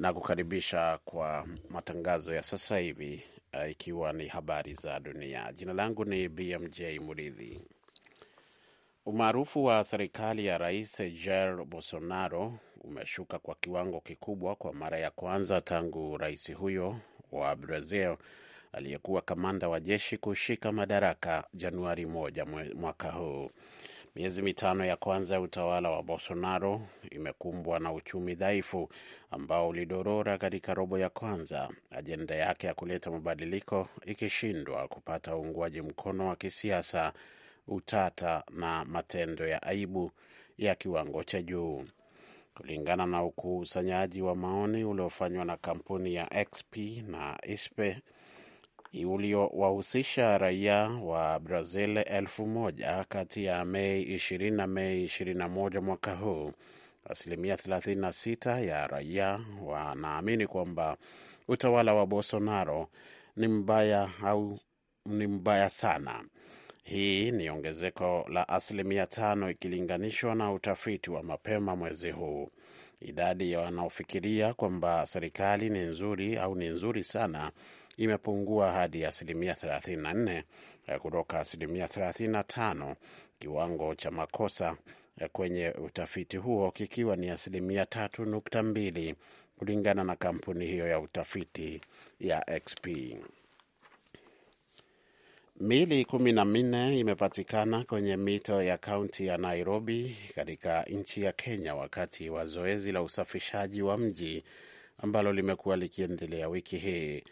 na kukaribisha kwa matangazo ya sasa hivi, uh, ikiwa ni habari za dunia. Jina langu ni BMJ Muridhi. Umaarufu wa serikali ya Rais Jair Bolsonaro umeshuka kwa kiwango kikubwa kwa mara ya kwanza tangu rais huyo wa Brazil aliyekuwa kamanda wa jeshi kushika madaraka Januari moja mwaka huu. Miezi mitano ya kwanza ya utawala wa Bolsonaro imekumbwa na uchumi dhaifu ambao ulidorora katika robo ya kwanza, ajenda yake ya kuleta mabadiliko ikishindwa kupata uungwaji mkono wa kisiasa, utata na matendo ya aibu ya kiwango cha juu. Kulingana na ukusanyaji wa maoni uliofanywa na kampuni ya XP na ISPE uliowahusisha raia wa Brazil elfu moja kati ya Mei 20 na Mei 21 mwaka huu. Asilimia 36 ya raia wanaamini kwamba utawala wa Bolsonaro ni mbaya au ni mbaya sana. Hii ni ongezeko la asilimia tano ikilinganishwa na utafiti wa mapema mwezi huu. Idadi ya wanaofikiria kwamba serikali ni nzuri au ni nzuri sana imepungua hadi asilimia 34 eh, kutoka asilimia 35, kiwango cha makosa eh, kwenye utafiti huo kikiwa ni asilimia 3.2 kulingana na kampuni hiyo ya utafiti ya XP. Mili kumi na minne imepatikana kwenye mito ya kaunti ya Nairobi katika nchi ya Kenya wakati wa zoezi la usafishaji wa mji ambalo limekuwa likiendelea wiki hii.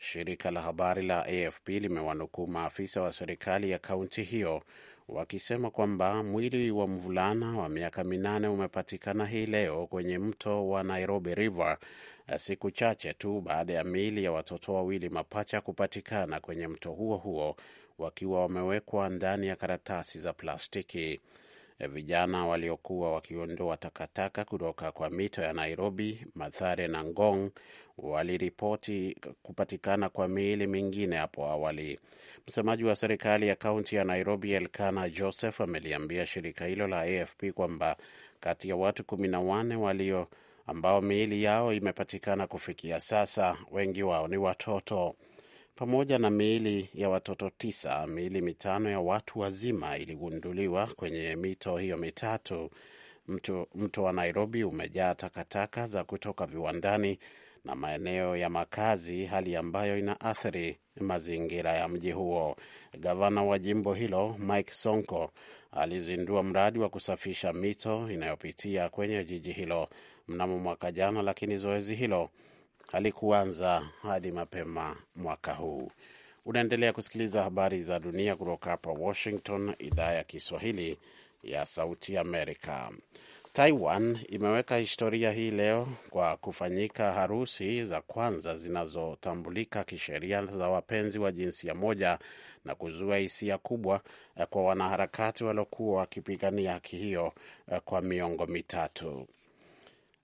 Shirika la habari la AFP limewanukuu maafisa wa serikali ya kaunti hiyo wakisema kwamba mwili wa mvulana wa miaka minane umepatikana hii leo kwenye mto wa Nairobi River, siku chache tu baada ya miili ya watoto wawili mapacha kupatikana kwenye mto huo huo wakiwa wamewekwa ndani ya karatasi za plastiki. E, vijana waliokuwa wakiondoa takataka kutoka kwa mito ya Nairobi, Mathare na Ngong waliripoti kupatikana kwa miili mingine hapo awali. Msemaji wa serikali ya kaunti ya Nairobi, Elkana Joseph, ameliambia shirika hilo la AFP kwamba kati ya watu kumi na wanne walio ambao miili yao imepatikana kufikia sasa, wengi wao ni watoto pamoja na miili ya watoto tisa, miili mitano ya watu wazima iligunduliwa kwenye mito hiyo mitatu. Mto, mto wa Nairobi umejaa takataka za kutoka viwandani na maeneo ya makazi, hali ambayo inaathiri mazingira ya mji huo. Gavana wa jimbo hilo Mike Sonko alizindua mradi wa kusafisha mito inayopitia kwenye jiji hilo mnamo mwaka jana, lakini zoezi hilo halikuanza hadi mapema mwaka huu. Unaendelea kusikiliza habari za dunia kutoka hapa Washington, idhaa ya Kiswahili ya Sauti Amerika. Taiwan imeweka historia hii leo kwa kufanyika harusi za kwanza zinazotambulika kisheria za wapenzi wa jinsia moja na kuzua hisia kubwa eh, kwa wanaharakati waliokuwa wakipigania haki hiyo eh, kwa miongo mitatu.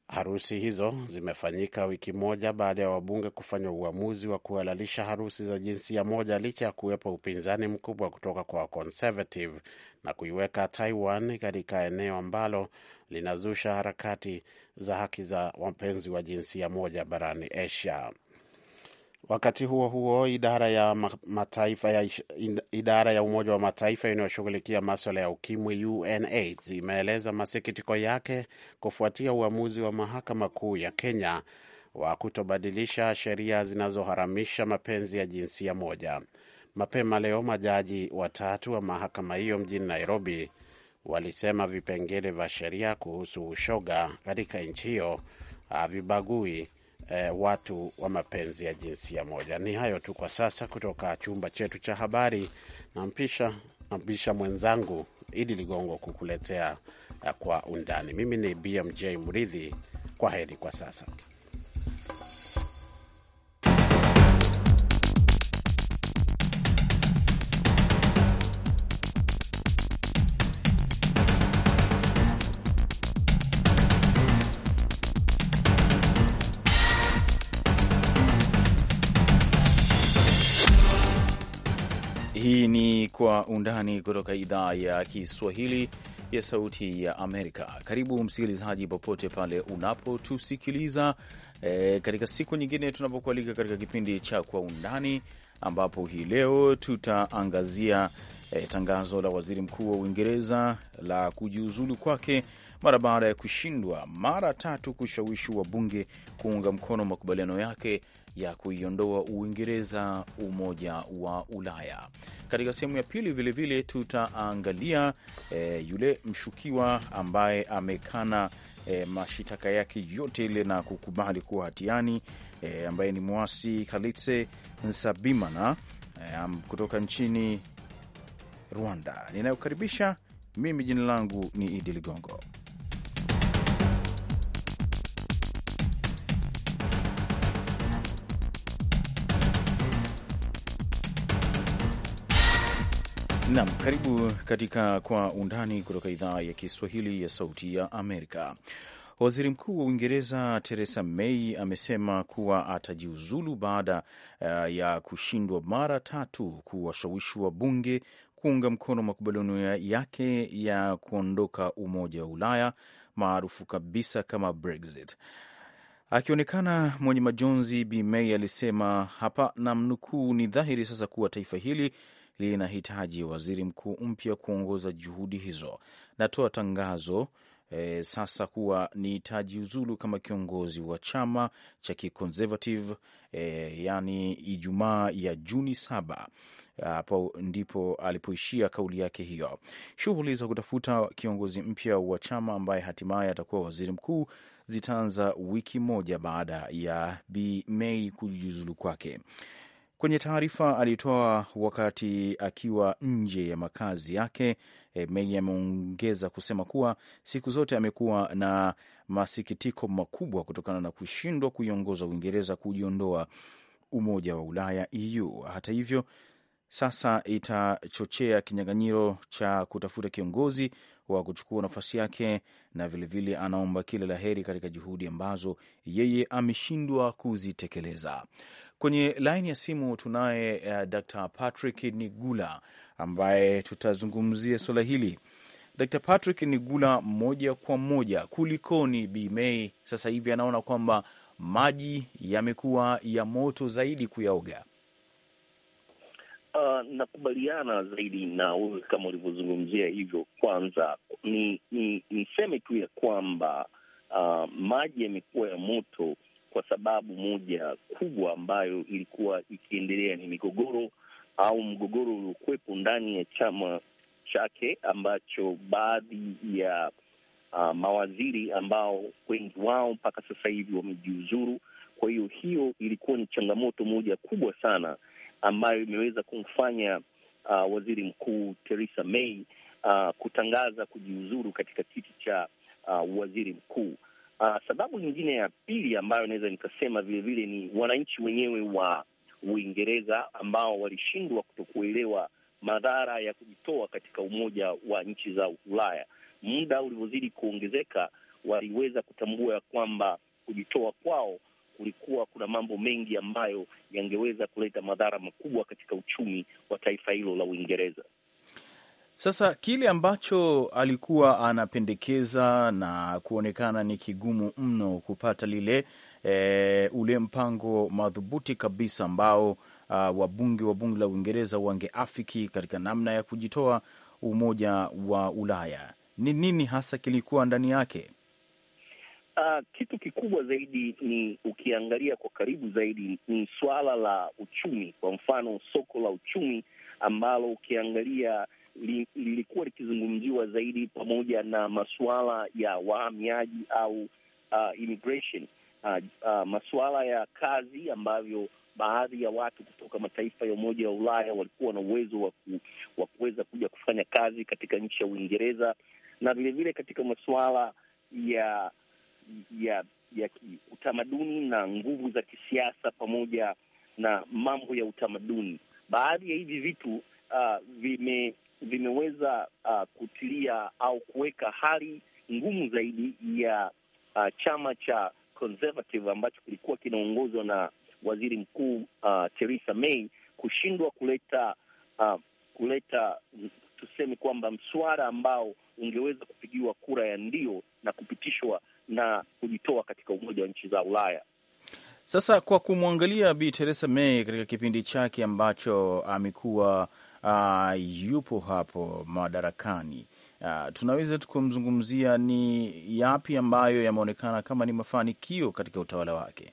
Harusi hizo zimefanyika wiki moja baada ya wabunge kufanya uamuzi wa kuhalalisha harusi za jinsia moja licha ya kuwepo upinzani mkubwa kutoka kwa conservative na kuiweka Taiwan katika eneo ambalo linazusha harakati za haki za wapenzi wa jinsia moja barani Asia. Wakati huo huo, idara ya mataifa ya idara ya Umoja wa Mataifa inayoshughulikia maswala ya ukimwi UNAIDS imeeleza masikitiko yake kufuatia uamuzi wa mahakama kuu ya Kenya wa kutobadilisha sheria zinazoharamisha mapenzi ya jinsia moja. Mapema leo majaji watatu wa mahakama hiyo mjini Nairobi walisema vipengele vya sheria kuhusu ushoga katika nchi hiyo havibagui eh, watu wa mapenzi ya jinsia moja. Ni hayo tu kwa sasa kutoka chumba chetu cha habari. Nampisha nampisha mwenzangu Idi Ligongo kukuletea eh, kwa undani. Mimi ni BMJ Mridhi, kwa heri kwa sasa. Undani kutoka idhaa ya Kiswahili ya Sauti ya Amerika. Karibu msikilizaji, popote pale unapotusikiliza e, katika siku nyingine tunapokualika katika kipindi cha Kwa Undani, ambapo hii leo tutaangazia e, tangazo la waziri mkuu wa Uingereza la kujiuzulu kwake mara baada ya kushindwa mara tatu kushawishi wabunge kuunga mkono makubaliano yake ya kuiondoa Uingereza Umoja wa Ulaya. Katika sehemu ya pili vilevile tutaangalia e, yule mshukiwa ambaye amekana e, mashitaka yake yote ile na kukubali kuwa hatiani e, ambaye ni mwasi Kalitse Nsabimana e, kutoka nchini Rwanda. Ninayokaribisha mimi, jina langu ni Idi Ligongo. Nam, karibu katika Kwa Undani kutoka idhaa ya Kiswahili ya Sauti ya Amerika. Waziri Mkuu wa Uingereza Theresa May amesema kuwa atajiuzulu baada uh, ya kushindwa mara tatu kuwashawishi bunge kuunga mkono makubaliano yake ya kuondoka Umoja wa Ulaya maarufu kabisa kama Brexit. Akionekana mwenye majonzi, Bi May alisema hapa, na mnukuu, ni dhahiri sasa kuwa taifa hili linahitaji waziri mkuu mpya kuongoza juhudi hizo. Natoa tangazo e, sasa kuwa nitajiuzulu kama kiongozi wa chama cha Kiconservative e, yani Ijumaa ya Juni saba. Hapo ndipo alipoishia kauli yake hiyo. Shughuli za kutafuta kiongozi mpya wa chama ambaye hatimaye atakuwa waziri mkuu zitaanza wiki moja baada ya Bi Mei kujiuzulu kwake. Kwenye taarifa alitoa wakati akiwa nje ya makazi yake, e, Mei ameongeza kusema kuwa siku zote amekuwa na masikitiko makubwa kutokana na kushindwa kuiongoza Uingereza kujiondoa Umoja wa Ulaya, EU. Hata hivyo, sasa itachochea kinyang'anyiro cha kutafuta kiongozi wa kuchukua nafasi yake, na vilevile vile anaomba kila la heri katika juhudi ambazo yeye ameshindwa kuzitekeleza. Kwenye laini ya simu tunaye uh, Dr. Patrick Nigula ambaye tutazungumzia swala hili. Dr. Patrick Nigula, moja kwa moja, kulikoni Bi May sasa hivi anaona kwamba maji yamekuwa ya moto zaidi kuyaoga? Uh, nakubaliana zaidi na wewe kama ulivyozungumzia hivyo. Kwanza ni niseme tu ya kwamba uh, maji yamekuwa ya moto kwa sababu moja kubwa ambayo ilikuwa ikiendelea ni migogoro au mgogoro uliokuwepo ndani ya chama chake ambacho baadhi ya uh, mawaziri ambao wengi wao mpaka sasa hivi wamejiuzuru. Kwa hiyo hiyo ilikuwa ni changamoto moja kubwa sana ambayo imeweza kumfanya uh, waziri mkuu Theresa May uh, kutangaza kujiuzuru katika kiti cha uh, waziri mkuu. Uh, sababu nyingine ya pili ambayo naweza nikasema vilevile ni wananchi wenyewe wa Uingereza ambao walishindwa kutokuelewa madhara ya kujitoa katika Umoja wa Nchi za Ulaya. Muda ulivyozidi kuongezeka, waliweza kutambua ya kwamba kujitoa kwao kulikuwa kuna mambo mengi ambayo yangeweza kuleta madhara makubwa katika uchumi wa taifa hilo la Uingereza. Sasa kile ambacho alikuwa anapendekeza na kuonekana ni kigumu mno kupata lile e, ule mpango madhubuti kabisa ambao ah, wabunge wa bunge la Uingereza wangeafiki katika namna ya kujitoa Umoja wa Ulaya, ni nini hasa kilikuwa ndani yake? Uh, kitu kikubwa zaidi ni ukiangalia kwa karibu zaidi ni swala la uchumi, kwa mfano soko la uchumi ambalo ukiangalia li, lilikuwa likizungumziwa zaidi pamoja na masuala ya wahamiaji au uh, immigration uh, ah, uh, masuala ya kazi ambavyo baadhi ya watu kutoka mataifa ya Umoja wa Ulaya walikuwa na uwezo wa kuweza kuja kufanya kazi katika nchi ya Uingereza na vilevile katika masuala ya ya ya utamaduni na nguvu za kisiasa pamoja na mambo ya utamaduni. Baadhi ya hivi vitu uh, vime, vimeweza uh, kutilia au kuweka hali ngumu zaidi ya uh, chama cha Conservative ambacho kilikuwa kinaongozwa na waziri mkuu uh, Theresa May kushindwa kuleta uh, kuleta tuseme kwamba mswara ambao ungeweza kupigiwa kura ya ndio na kupitishwa na kujitoa katika umoja wa nchi za Ulaya. Sasa kwa kumwangalia Bi Theresa May katika kipindi chake ambacho amekuwa uh, yupo hapo madarakani uh, tunaweza tukumzungumzia ni yapi ambayo yameonekana kama ni mafanikio katika utawala wake.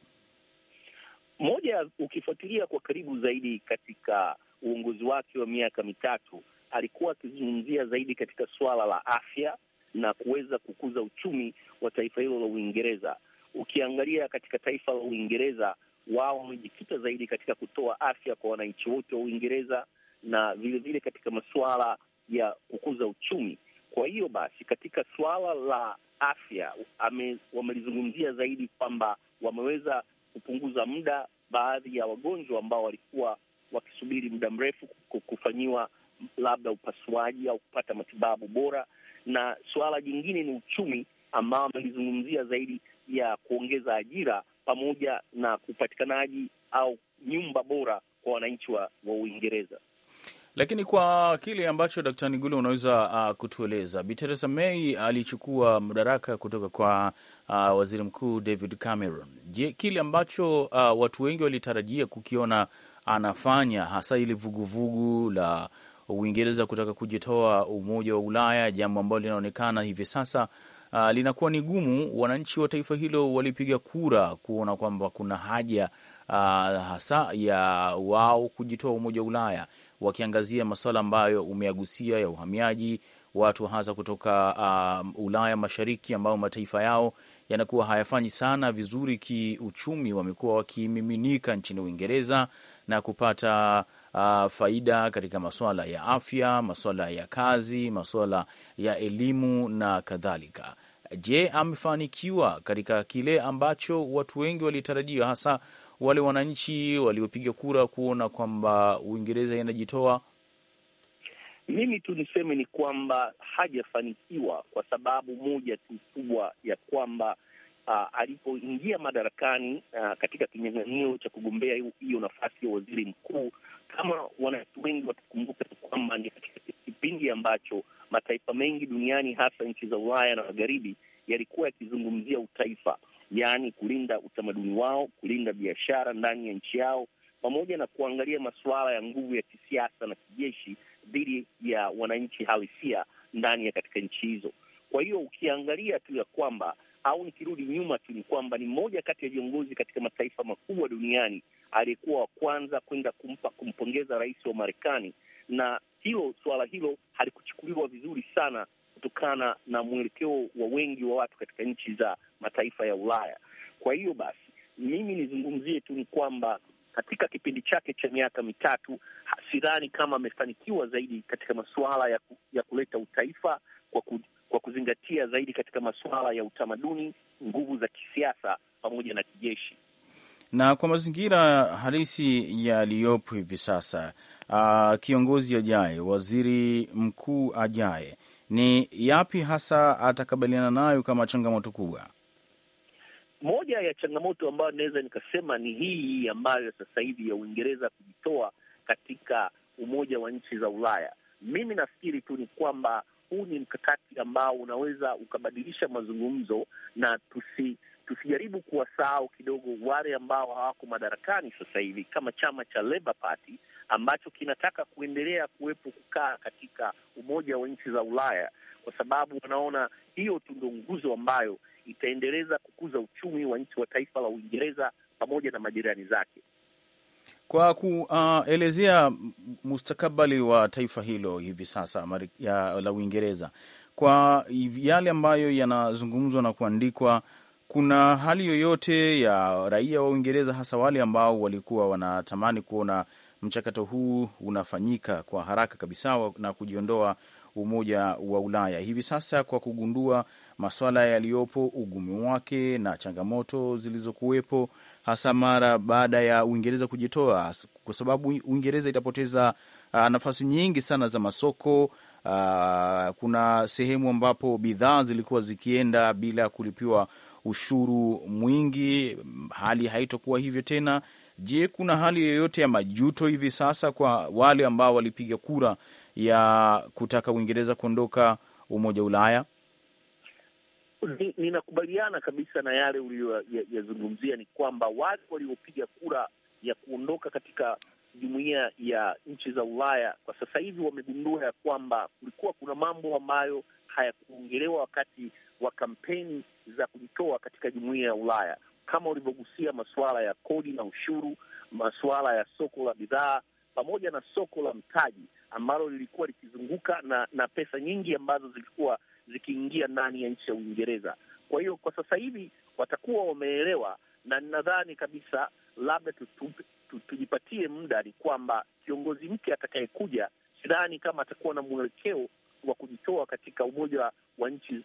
Moja, ukifuatilia kwa karibu zaidi katika uongozi wake wa miaka mitatu, alikuwa akizungumzia zaidi katika suala la afya na kuweza kukuza uchumi wa taifa hilo la Uingereza. Ukiangalia katika taifa la Uingereza, wao wamejikita zaidi katika kutoa afya kwa wananchi wote wa Uingereza na vilevile vile katika masuala ya kukuza uchumi. Kwa hiyo basi, katika suala la afya wamelizungumzia zaidi kwamba wameweza kupunguza muda baadhi ya wagonjwa ambao walikuwa wakisubiri muda mrefu kufanyiwa labda upasuaji au kupata matibabu bora, na suala jingine ni uchumi ambao amelizungumzia zaidi ya kuongeza ajira pamoja na upatikanaji au nyumba bora kwa wananchi wa Uingereza. Lakini kwa kile ambacho Dkt. Nigula unaweza uh, kutueleza, Bi Theresa May alichukua madaraka kutoka kwa uh, waziri mkuu David Cameron. Je, kile ambacho uh, watu wengi walitarajia kukiona anafanya hasa ili vuguvugu la Uingereza kutaka kujitoa Umoja wa Ulaya, jambo ambalo linaonekana hivi sasa uh, linakuwa ni gumu. Wananchi wa taifa hilo walipiga kura kuona kwamba kuna haja uh, hasa ya wao kujitoa Umoja wa Ulaya, wakiangazia masuala ambayo umeagusia ya uhamiaji, watu hasa kutoka uh, Ulaya Mashariki ambao mataifa yao yanakuwa hayafanyi sana vizuri kiuchumi, wamekuwa wakimiminika nchini Uingereza na kupata uh, faida katika masuala ya afya, masuala ya kazi, masuala ya elimu na kadhalika. Je, amefanikiwa katika kile ambacho watu wengi walitarajia, hasa wale wananchi waliopiga kura kuona kwamba Uingereza inajitoa mimi tu niseme ni kwamba hajafanikiwa kwa sababu moja tu kubwa ya kwamba uh, alipoingia madarakani uh, katika kinyanganio cha kugombea hiyo nafasi ya waziri mkuu, kama wananchi wengi watakumbuka, ni kwamba ni katika kipindi ambacho mataifa mengi duniani hasa nchi za Ulaya na magharibi yalikuwa yakizungumzia utaifa, yaani kulinda utamaduni wao, kulinda biashara ndani ya nchi yao pamoja na kuangalia masuala ya nguvu ya kisiasa na kijeshi dhidi ya wananchi halisia ndani ya katika nchi hizo. Kwa hiyo ukiangalia tu ya kwamba au nikirudi nyuma tu ni kwamba ni mmoja kati ya viongozi katika mataifa makubwa duniani aliyekuwa wa kwanza kwenda kumpa kumpongeza rais wa Marekani, na hilo suala hilo halikuchukuliwa vizuri sana kutokana na mwelekeo wa wengi wa watu katika nchi za mataifa ya Ulaya. Kwa hiyo basi, mimi nizungumzie tu ni kwamba katika kipindi chake cha miaka mitatu, sidhani kama amefanikiwa zaidi katika masuala ya, ya kuleta utaifa kwa, ku, kwa kuzingatia zaidi katika masuala ya utamaduni, nguvu za kisiasa pamoja na kijeshi na kwa mazingira halisi yaliyopo hivi sasa, uh, kiongozi ajaye, waziri mkuu ajaye, ni yapi hasa atakabiliana nayo kama changamoto kubwa? moja ya changamoto ambayo inaweza nikasema ni hii ambayo sasa hivi ya Uingereza kujitoa katika umoja wa nchi za Ulaya. Mimi nafikiri tu ni kwamba huu ni mkakati ambao unaweza ukabadilisha mazungumzo na tusi tusijaribu kuwasahau kidogo wale ambao hawako madarakani sasa hivi, kama chama cha Labour Party ambacho kinataka kuendelea kuwepo kukaa katika umoja wa nchi za Ulaya, kwa sababu wanaona hiyo tu ndo nguzo ambayo itaendeleza kukuza uchumi wa nchi wa taifa la Uingereza pamoja na majirani zake. Kwa kuelezea mustakabali wa taifa hilo hivi sasa ya, la Uingereza, kwa yale ambayo yanazungumzwa na kuandikwa, kuna hali yoyote ya raia wa Uingereza, hasa wale ambao walikuwa wanatamani kuona mchakato huu unafanyika kwa haraka kabisa na kujiondoa Umoja wa Ulaya hivi sasa kwa kugundua maswala yaliyopo, ugumu wake na changamoto zilizokuwepo, hasa mara baada ya Uingereza kujitoa, kwa sababu Uingereza itapoteza uh, nafasi nyingi sana za masoko. Uh, kuna sehemu ambapo bidhaa zilikuwa zikienda bila kulipiwa ushuru mwingi. Hali haitokuwa hivyo tena. Je, kuna hali yoyote ya majuto hivi sasa kwa wale ambao walipiga kura ya kutaka Uingereza kuondoka Umoja wa Ulaya? Ninakubaliana ni kabisa na yale uliyoyazungumzia, ni kwamba wale waliopiga kura ya kuondoka katika jumuiya ya nchi za Ulaya kwa sasa hivi wamegundua ya kwamba kulikuwa kuna mambo ambayo hayakuongelewa wakati wa kampeni za kujitoa katika jumuiya ya Ulaya, kama ulivyogusia masuala ya kodi na ushuru, masuala ya soko la bidhaa, pamoja na soko la mtaji ambalo lilikuwa likizunguka na na pesa nyingi ambazo zilikuwa zikiingia ndani ya nchi ya Uingereza. Kwa hiyo kwa sasa hivi watakuwa wameelewa, na ninadhani kabisa labda tujipatie muda, ni kwamba kiongozi mpya atakayekuja, sidhani kama atakuwa na mwelekeo wa kujitoa katika umoja wa nchi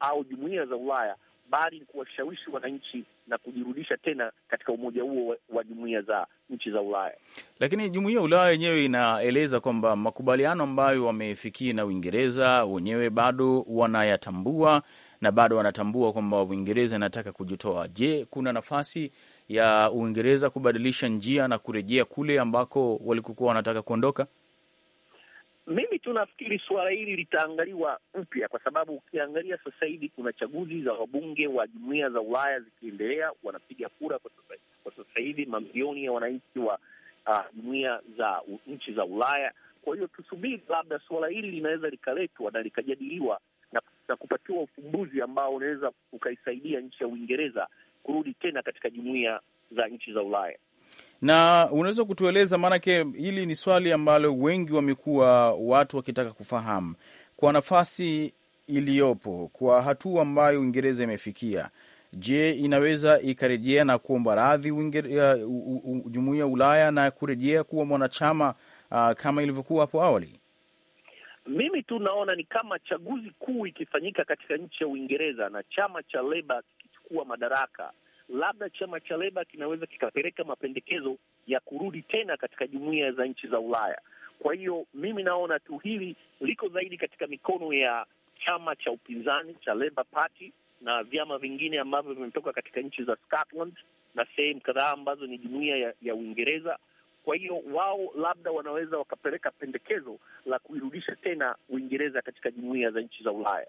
au jumuiya za Ulaya bali ni kuwashawishi wananchi na kujirudisha tena katika umoja huo wa jumuiya za nchi za Ulaya. Lakini jumuiya ya Ulaya yenyewe inaeleza kwamba makubaliano ambayo wamefikia na Uingereza wenyewe bado wanayatambua na bado wanatambua kwamba Uingereza inataka kujitoa. Je, kuna nafasi ya Uingereza kubadilisha njia na kurejea kule ambako walikokuwa wanataka kuondoka? Mimi tu nafikiri suala hili litaangaliwa upya, kwa sababu ukiangalia sasa hivi kuna chaguzi za wabunge wa jumuiya za Ulaya zikiendelea, wanapiga kura kwa sasa hivi mamilioni ya wananchi wa ah, jumuiya uh, za nchi za Ulaya. Kwa hiyo tusubiri, labda suala hili linaweza likaletwa na likajadiliwa na, na kupatiwa ufumbuzi ambao unaweza ukaisaidia nchi ya Uingereza kurudi tena katika jumuiya za nchi za Ulaya na unaweza kutueleza, maanake hili ni swali ambalo wengi wamekuwa watu wakitaka kufahamu, kwa nafasi iliyopo, kwa hatua ambayo Uingereza imefikia, je, inaweza ikarejea na kuomba radhi jumuiya ya Ulaya na kurejea kuwa mwanachama uh, kama ilivyokuwa hapo awali? Mimi tu naona ni kama chaguzi kuu ikifanyika katika nchi ya Uingereza na chama cha Leba kikichukua madaraka labda chama cha Leba kinaweza kikapeleka mapendekezo ya kurudi tena katika jumuiya za nchi za Ulaya. Kwa hiyo mimi naona tu hili liko zaidi katika mikono ya chama cha upinzani cha Leba Party na vyama vingine ambavyo vimetoka katika nchi za Scotland na sehemu kadhaa ambazo ni jumuiya ya, ya Uingereza. Kwa hiyo wao labda wanaweza wakapeleka pendekezo la kuirudisha tena Uingereza katika jumuiya za nchi za Ulaya.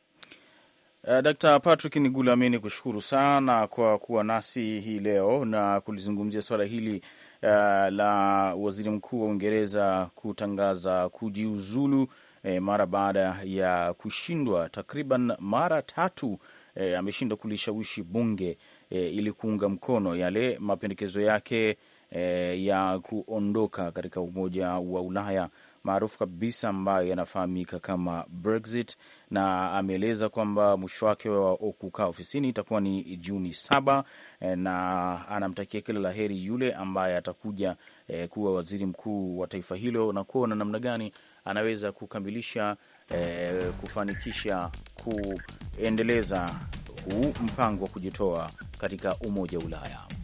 Uh, eh, Dkt. Patrick Nigula, mi ni kushukuru sana kwa kuwa nasi hii leo na kulizungumzia swala hili uh, la waziri mkuu wa Uingereza kutangaza kujiuzulu eh, mara baada ya kushindwa takriban mara tatu eh, ameshindwa kulishawishi bunge eh, ili kuunga mkono yale mapendekezo yake eh, ya kuondoka katika Umoja wa Ulaya maarufu kabisa ambayo yanafahamika kama Brexit, na ameeleza kwamba mwisho wake wa kukaa ofisini itakuwa ni Juni saba, eh, na anamtakia kila la heri yule ambaye atakuja eh, kuwa waziri mkuu wa taifa hilo na kuona namna gani anaweza kukamilisha eh, kufanikisha kuendeleza huu mpango wa kujitoa katika Umoja wa Ulaya.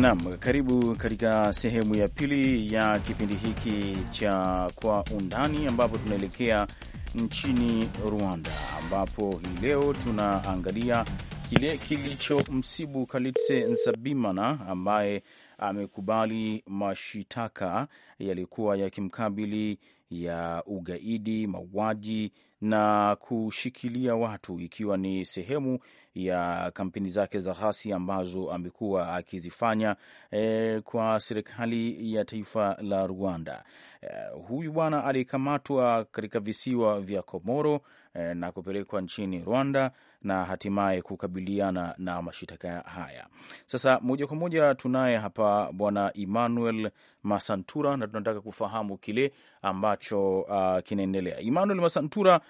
Nam, karibu katika sehemu ya pili ya kipindi hiki cha Kwa Undani, ambapo tunaelekea nchini Rwanda, ambapo hii leo tunaangalia kile kilichomsibu Kalitse Nsabimana ambaye amekubali mashitaka yaliyokuwa yakimkabili ya ugaidi, mauaji na kushikilia watu, ikiwa ni sehemu ya kampeni zake za ghasi ambazo amekuwa akizifanya e, kwa serikali ya taifa la Rwanda. E, huyu bwana alikamatwa katika visiwa vya Komoro e, na kupelekwa nchini Rwanda na hatimaye kukabiliana na mashitaka haya. Sasa moja kwa moja tunaye hapa bwana Emmanuel Masantura na tunataka kufahamu kile ambacho uh, kinaendelea. Emmanuel Masantura,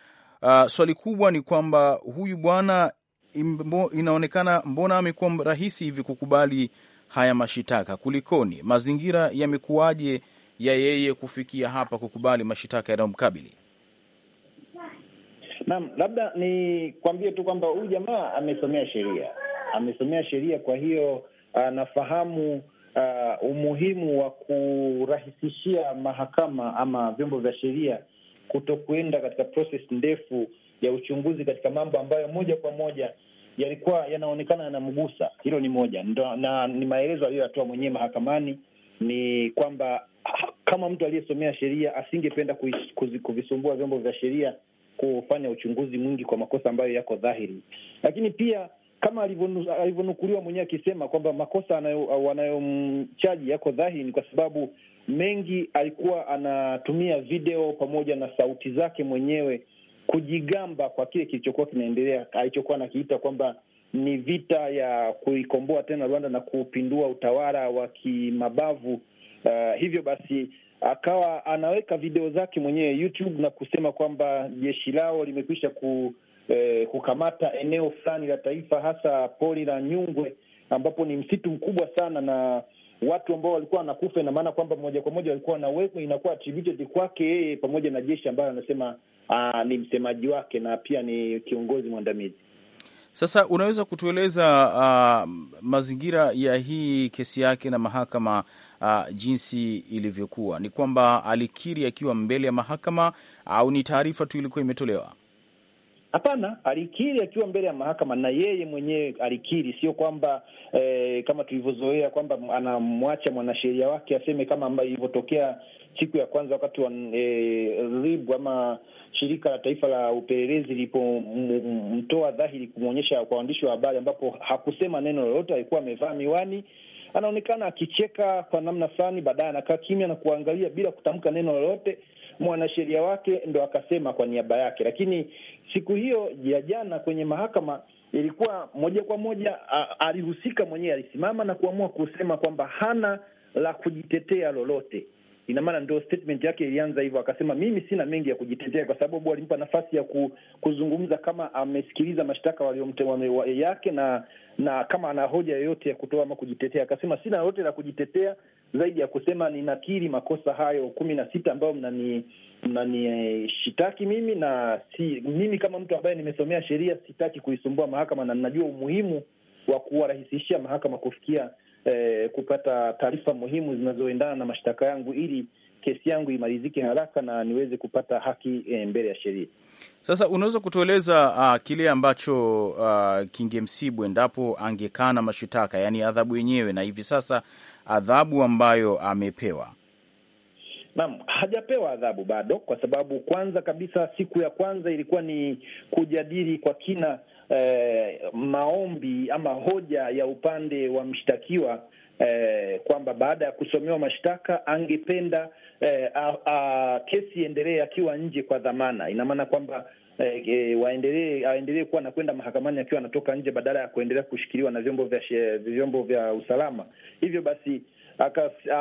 uh, swali kubwa ni kwamba huyu bwana imbo, inaonekana mbona amekuwa rahisi hivi kukubali haya mashitaka? Kulikoni? mazingira yamekuwaje ya yeye kufikia hapa kukubali mashitaka yanayomkabili? Naam, labda ni kuambie tu kwamba huyu jamaa amesomea sheria, amesomea sheria, kwa hiyo anafahamu ah, uh, ah, umuhimu wa kurahisishia mahakama ama vyombo vya sheria kutokuenda katika proses ndefu ya uchunguzi katika mambo ambayo moja kwa moja yalikuwa yanaonekana yanamgusa. Hilo ni moja ndo, na ni maelezo aliyoyatoa mwenyewe mahakamani ni kwamba kama mtu aliyesomea sheria asingependa kuvisumbua vyombo vya sheria kufanya uchunguzi mwingi kwa makosa ambayo yako dhahiri, lakini pia kama alivyonukuliwa mwenyewe akisema kwamba makosa wanayomchaji yako dhahiri, ni kwa sababu mengi alikuwa anatumia video pamoja na sauti zake mwenyewe kujigamba kwa kile kilichokuwa kinaendelea alichokuwa anakiita kwamba ni vita ya kuikomboa tena Rwanda na kupindua utawala wa kimabavu. Uh, hivyo basi akawa anaweka video zake mwenyewe YouTube na kusema kwamba jeshi lao limekwisha ku, eh, kukamata eneo fulani la taifa, hasa pori la Nyungwe ambapo ni msitu mkubwa sana na watu ambao walikuwa wanakufa, ina maana kwamba moja kwa moja walikuwa na wewe, inakuwa attributed kwake yeye pamoja na jeshi ambayo anasema aa, ah, ni msemaji wake na pia ni kiongozi mwandamizi. Sasa unaweza kutueleza uh, mazingira ya hii kesi yake na mahakama uh, jinsi ilivyokuwa? Ni kwamba alikiri akiwa mbele ya mahakama au ni taarifa tu ilikuwa imetolewa? Hapana, alikiri akiwa mbele ya mahakama na yeye mwenyewe alikiri, sio kwamba eh, kama tulivyozoea kwamba anamwacha mwanasheria wake aseme kama ambayo ilivyotokea siku ya kwanza wakati wa e, RIB ama shirika la taifa la upelelezi lilipomtoa dhahiri kumwonyesha kwa waandishi wa habari, ambapo hakusema neno lolote, alikuwa amevaa miwani anaonekana akicheka kwa namna fulani, baadaye anakaa kimya na kuangalia bila kutamka neno lolote. Mwanasheria wake ndo akasema kwa niaba yake, lakini siku hiyo ya jana kwenye mahakama ilikuwa moja kwa moja alihusika mwenyewe, alisimama na kuamua kusema kwamba hana la kujitetea lolote ina maana ndio statement yake ilianza hivyo, akasema mimi sina mengi ya kujitetea, kwa sababu alimpa nafasi ya kuzungumza kama amesikiliza mashtaka waliomtewa yake na na kama ana hoja yoyote ya kutoa ama kujitetea. Akasema sina lolote la kujitetea zaidi ya kusema ninakiri makosa hayo kumi na sita ambayo mnani mnanishitaki mimi, na si mimi kama mtu ambaye nimesomea sheria sitaki kuisumbua mahakama, na ninajua umuhimu wa kuwarahisishia mahakama kufikia eh, kupata taarifa muhimu zinazoendana na mashtaka yangu ili kesi yangu imalizike haraka na niweze kupata haki e, mbele ya sheria. Sasa unaweza kutueleza uh, kile ambacho uh, kingemsibu endapo angekana mashitaka, yaani adhabu yenyewe, na hivi sasa adhabu ambayo amepewa? Naam, hajapewa adhabu bado, kwa sababu kwanza kabisa, siku ya kwanza ilikuwa ni kujadili kwa kina eh, maombi ama hoja ya upande wa mshtakiwa eh, kwamba baada ya kusomewa mashtaka angependa eh, a, a, kesi iendelee akiwa nje kwa dhamana. Ina maana kwamba E, waendelee aendelee kuwa anakwenda mahakamani akiwa anatoka nje badala ya kuendelea kushikiliwa na vyombo vya vyombo vya usalama. Hivyo basi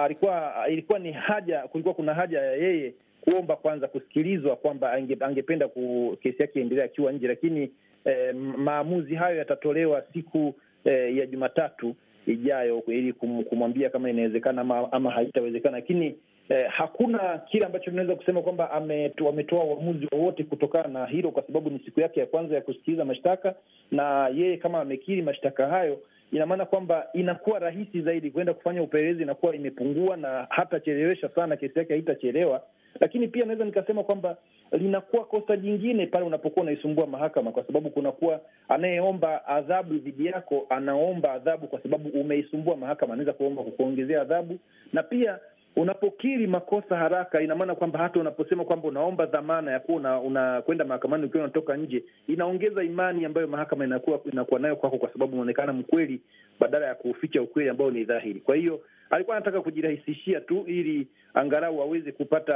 alikuwa ilikuwa ni haja, kulikuwa kuna haja ya yeye kuomba kwanza kusikilizwa kwamba angependa ku, kesi yake iendelee akiwa nje, lakini eh, maamuzi hayo yatatolewa siku eh, ya Jumatatu ijayo ili kumwambia kama inawezekana ama, ama haitawezekana, lakini eh, hakuna kile ambacho tunaweza kusema kwamba ametoa uamuzi wowote kutokana na hilo, kwa sababu ni siku yake ya kwanza ya kusikiliza mashtaka, na yeye kama amekiri mashtaka hayo, ina maana kwamba inakuwa rahisi zaidi kuenda kufanya upelelezi, inakuwa imepungua na hatachelewesha sana, kesi yake haitachelewa lakini pia naweza nikasema kwamba linakuwa kosa jingine pale unapokuwa unaisumbua mahakama, kwa sababu kunakuwa anayeomba adhabu dhidi yako anaomba adhabu kwa sababu umeisumbua mahakama, anaweza kuomba kukuongezea adhabu. Na pia unapokiri makosa haraka, ina maana kwamba hata unaposema kwamba unaomba dhamana ya kuwa unakwenda una mahakamani ukiwa unatoka nje, inaongeza imani ambayo mahakama inakuwa inakuwa nayo kwako, kwa sababu unaonekana mkweli badala ya kuficha ukweli ambao ni dhahiri. Kwa hiyo alikuwa anataka kujirahisishia tu ili angalau aweze kupata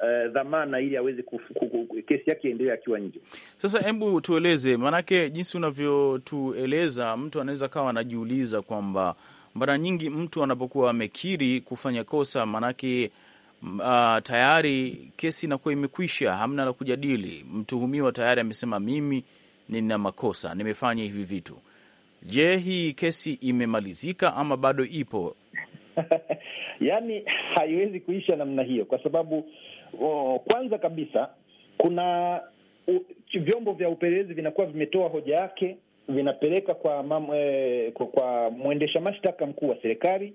uh, uh, dhamana ili aweze kesi yake iendelee akiwa nje. Sasa hebu tueleze, maanake jinsi unavyotueleza mtu anaweza kawa anajiuliza kwamba mara nyingi mtu anapokuwa amekiri kufanya kosa maanake Uh, tayari kesi inakuwa imekwisha, hamna la kujadili. Mtuhumiwa tayari amesema mimi nina makosa, nimefanya hivi vitu. Je, hii kesi imemalizika ama bado ipo? Yaani haiwezi kuisha namna hiyo, kwa sababu o, kwanza kabisa kuna u, vyombo vya upelelezi vinakuwa vimetoa hoja yake, vinapeleka kwa mam, eh, kwa mwendesha mashtaka mkuu wa serikali.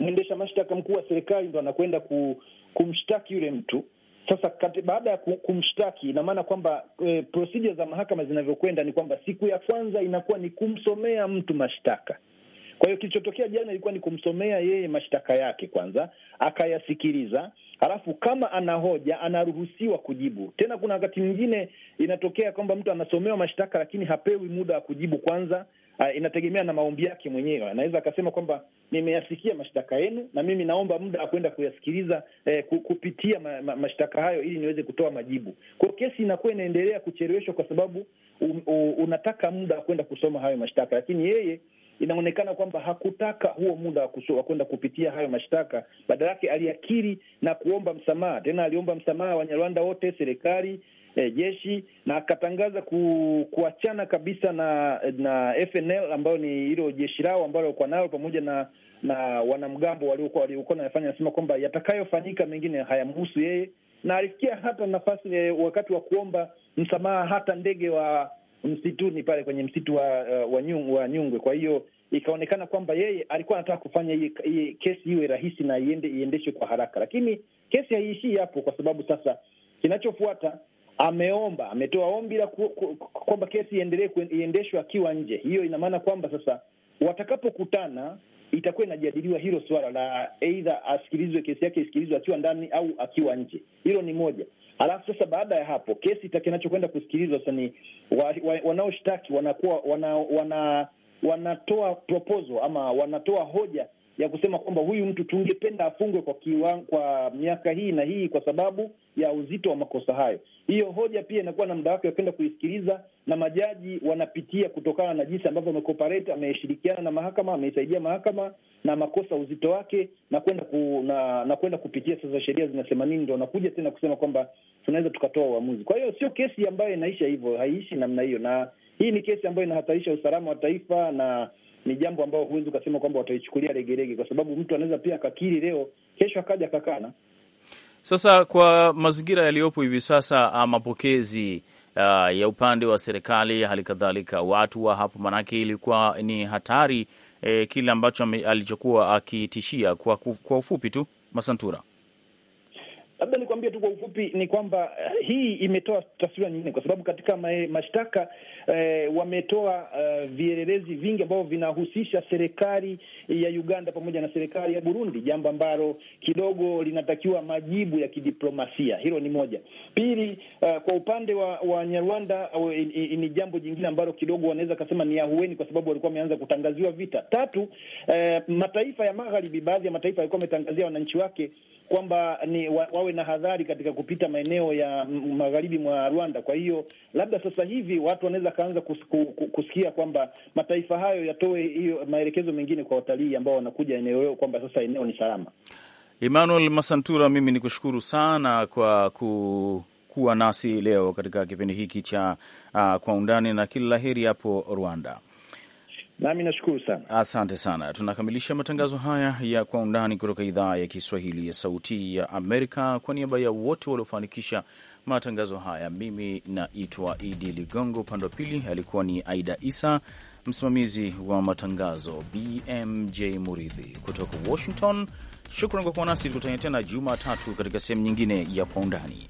Mwendesha mashtaka mkuu wa serikali ndo anakwenda ku, kumshtaki yule mtu. Sasa kati, baada ya kumshtaki ina maana kwamba e, procedure za mahakama zinavyokwenda ni kwamba siku ya kwanza inakuwa ni kumsomea mtu mashtaka kwa hiyo kilichotokea jana ilikuwa ni kumsomea yeye mashtaka yake kwanza, akayasikiliza halafu kama ana hoja anaruhusiwa kujibu. Tena kuna wakati mwingine inatokea kwamba mtu anasomewa mashtaka lakini hapewi muda wa kujibu kwanza. Uh, inategemea na maombi yake mwenyewe. Anaweza akasema kwamba nimeyasikia mashtaka yenu na mimi naomba muda wa kwenda kuyasikiliza, eh, kupitia ma, ma, mashtaka hayo ili niweze kutoa majibu. Kwa kesi inakuwa inaendelea kucheleweshwa kwa sababu um, um, unataka muda wa kwenda kusoma hayo mashtaka, lakini yeye inaonekana kwamba hakutaka huo muda wa kwenda kupitia hayo mashtaka, badala yake aliakiri na kuomba msamaha. Tena aliomba msamaha Wanyarwanda wote, serikali E, jeshi na akatangaza ku, kuachana kabisa na na FNL ambayo ni hilo jeshi lao ambalo walikuwa nalo pamoja na na wanamgambo waliokuwa waliokuwa nafanya, anasema kwamba yatakayofanyika mengine hayamhusu yeye, na alifikia hata nafasi eh, wakati wa kuomba msamaha hata ndege wa msituni pale kwenye msitu wa uh, wa, nyung, wa Nyungwe. Kwa hiyo ikaonekana kwamba yeye alikuwa anataka kufanya hii kesi iwe rahisi na iende iendeshwe kwa haraka, lakini kesi haiishii hapo, kwa sababu sasa kinachofuata ameomba, ametoa ombi la kwamba kesi iendelee iendeshwe akiwa nje. Hiyo ina maana kwamba sasa watakapokutana itakuwa inajadiliwa hilo swala la aidha asikilizwe kesi yake isikilizwe akiwa ndani au akiwa nje. Hilo ni moja. Alafu sasa baada ya hapo kesi kinachokwenda kusikilizwa sasa ni wa, wa, wanaoshtaki wanakuwa wana, wana wanatoa proposal ama wanatoa hoja ya kusema kwamba huyu mtu tungependa afungwe kwa kwa miaka hii na hii kwa sababu ya uzito wa makosa hayo. Hiyo hoja pia inakuwa na muda wake wakenda kuisikiliza, na majaji wanapitia kutokana na jinsi ambavyo amecooperate, ameshirikiana na mahakama, ameisaidia mahakama na makosa uzito wake, na kwenda ku, na, na kwenda kupitia sasa sheria zinasema nini, ndo wanakuja tena kusema kwamba tunaweza tukatoa uamuzi. Kwa hiyo sio kesi ambayo inaisha hivyo, haiishi namna hiyo, na hii ni kesi ambayo inahatarisha usalama wa taifa na ni jambo ambao huwezi ukasema kwamba wataichukulia legelege, kwa sababu mtu anaweza pia akakiri leo, kesho akaja akakana. Sasa kwa mazingira yaliyopo hivi sasa, ah, mapokezi uh, ya upande wa serikali, hali kadhalika watu wa hapo, manake ilikuwa ni hatari eh, kile ambacho alichokuwa akitishia. Kwa, kwa ufupi tu Masantura Labda nikuambie tu kwa ufupi ni kwamba uh, hii imetoa taswira nyingine, kwa sababu katika mashtaka uh, wametoa uh, vielelezi vingi ambavyo vinahusisha serikali ya Uganda pamoja na serikali ya Burundi, jambo ambalo kidogo linatakiwa majibu ya kidiplomasia. Hilo ni moja. Pili, uh, kwa upande wa, wa Nyarwanda uh, ni jambo jingine ambalo kidogo wanaweza kasema ni ahueni, kwa sababu walikuwa wameanza kutangaziwa vita. Tatu, uh, mataifa ya magharibi, baadhi ya mataifa yalikuwa wametangazia wananchi wake kwamba ni wa, wawe na hadhari katika kupita maeneo ya magharibi mwa Rwanda. Kwa hiyo labda sasa hivi watu wanaweza kaanza kus, kusikia kwamba mataifa hayo yatoe hiyo maelekezo mengine kwa watalii ambao wanakuja eneo hilo kwamba sasa eneo ni salama. Emmanuel Masantura, mimi ni kushukuru sana kwa ku kuwa nasi leo katika kipindi hiki cha uh, kwa undani na kila la heri hapo Rwanda. Nami nashukuru sana, asante sana. Tunakamilisha matangazo haya ya Kwa Undani kutoka idhaa ya Kiswahili ya Sauti ya Amerika. Kwa niaba ya wote waliofanikisha matangazo haya, mimi naitwa Idi Ligongo, upande wa pili alikuwa ni Aida Isa, msimamizi wa matangazo BMJ Muridhi kutoka Washington. Shukran kwa kuwa nasi, tukutane tena Jumatatu katika sehemu nyingine ya Kwa Undani.